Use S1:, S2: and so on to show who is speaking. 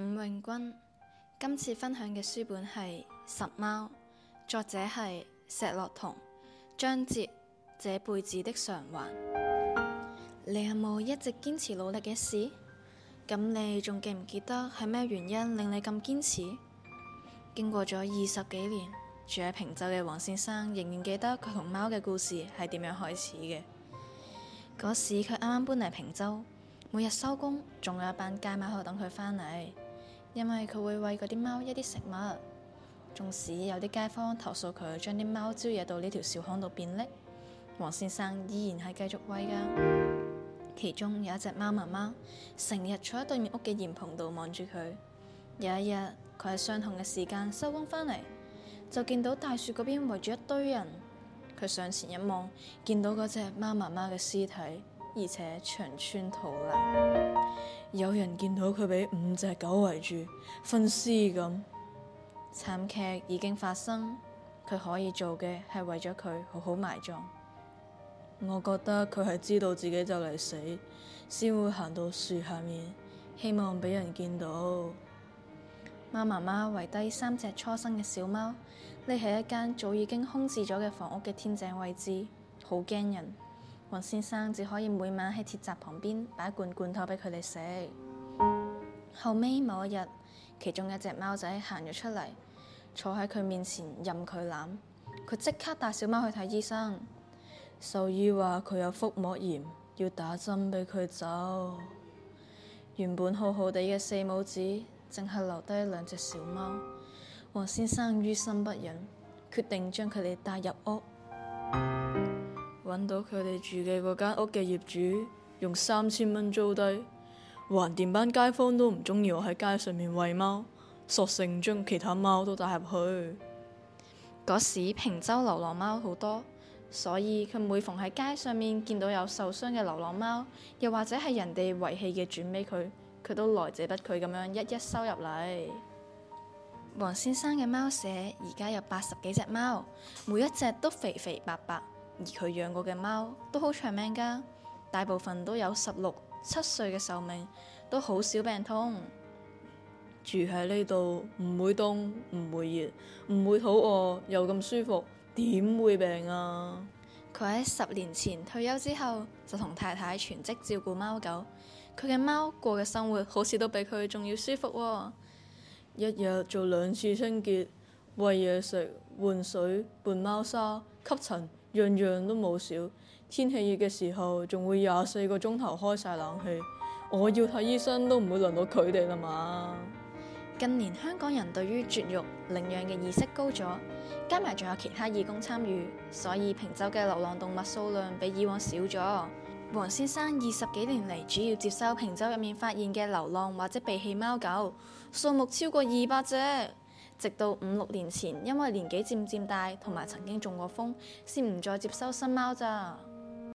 S1: 伍穎君，今次分享嘅書本係《拾貓》，作者係石樂同，章節《這輩子的償還》。 你有冇一直堅持努力嘅事？咁你仲記唔記得係咩原因令你咁堅持？經過咗二十幾年住喺坪洲嘅黃先生，仍然記得佢同貓嘅故事係點樣開始嘅。嗰時佢啱啱搬嚟坪洲，每日收工仲有一班街貓喺度等佢返嚟。因為佢會餵嗰啲貓一啲食物，縱使有啲街坊投訴佢將啲貓招惹到呢條小巷度便溺，黃先生依然係繼續餵㗎。其中有一隻貓媽媽，成日坐喺對面屋嘅簷篷度望住佢。有一日，佢喺相同嘅時間收工返嚟，就見到大樹嗰邊圍住一堆人。佢上前一望，見到嗰隻貓媽媽嘅屍體，而且腸穿肚爛。有人見到佢俾五隻狗圍住分屍咁，慘劇已經發生，佢可以做嘅係為咗佢好好埋葬。我覺得佢係知道自己就嚟死，先會行到樹下面，希望俾人見到。貓媽媽遺低三隻初生嘅小貓，匿喺一間早已經空置咗嘅房屋嘅天井位置，好驚人。王先生只可以每晚喺鐵閘旁邊擺一罐罐頭俾佢哋食。後尾某一日，其中一隻貓仔行咗出嚟，坐喺佢面前任佢攬。佢即刻帶小貓去睇醫生，獸醫話佢有腹膜炎，要打針俾佢走。原本好好地嘅四母子，淨係留低兩隻小貓。王先生於心不忍，決定將佢哋帶入屋。揾到佢哋住嘅嗰間屋嘅業主，用三千蚊租低。橫掂班街坊都唔中意我喺街上面餵貓，索性將其他貓都帶入去。嗰時坪洲流浪貓好多，所以佢每逢喺街上面見到有受傷嘅流浪貓，又或者係人哋遺棄嘅，轉俾佢，佢都來者不拒咁樣一一收入嚟。黃先生嘅貓舍而家有八十幾隻貓，每一隻都肥肥白白。而佢養過嘅貓都好長命㗎，大部分都有十六七歲嘅壽命，都好少病痛。住喺呢度唔會凍，唔會熱，唔會肚餓，又咁舒服，點會病啊？佢喺十年前退休之後就同太太全職照顧貓狗，佢嘅貓過嘅生活好似都比佢仲要舒服喎、哦。一日做兩次清潔，餵嘢食，換水，換貓砂，吸塵。樣樣都冇少，天氣熱嘅時候仲會廿四個鐘頭開晒冷氣。我要睇醫生都唔會輪到佢哋啦嘛。近年香港人對於絕育領養嘅意識高咗，加埋仲有其他義工參與，所以坪洲嘅流浪動物數量比以往少咗。黃先生二十幾年嚟主要接收坪洲入面發現嘅流浪或者被棄貓狗，數目超過二百隻。直到五六年前，因為年紀漸漸大，同埋曾經中過風，先唔再接收新貓咋。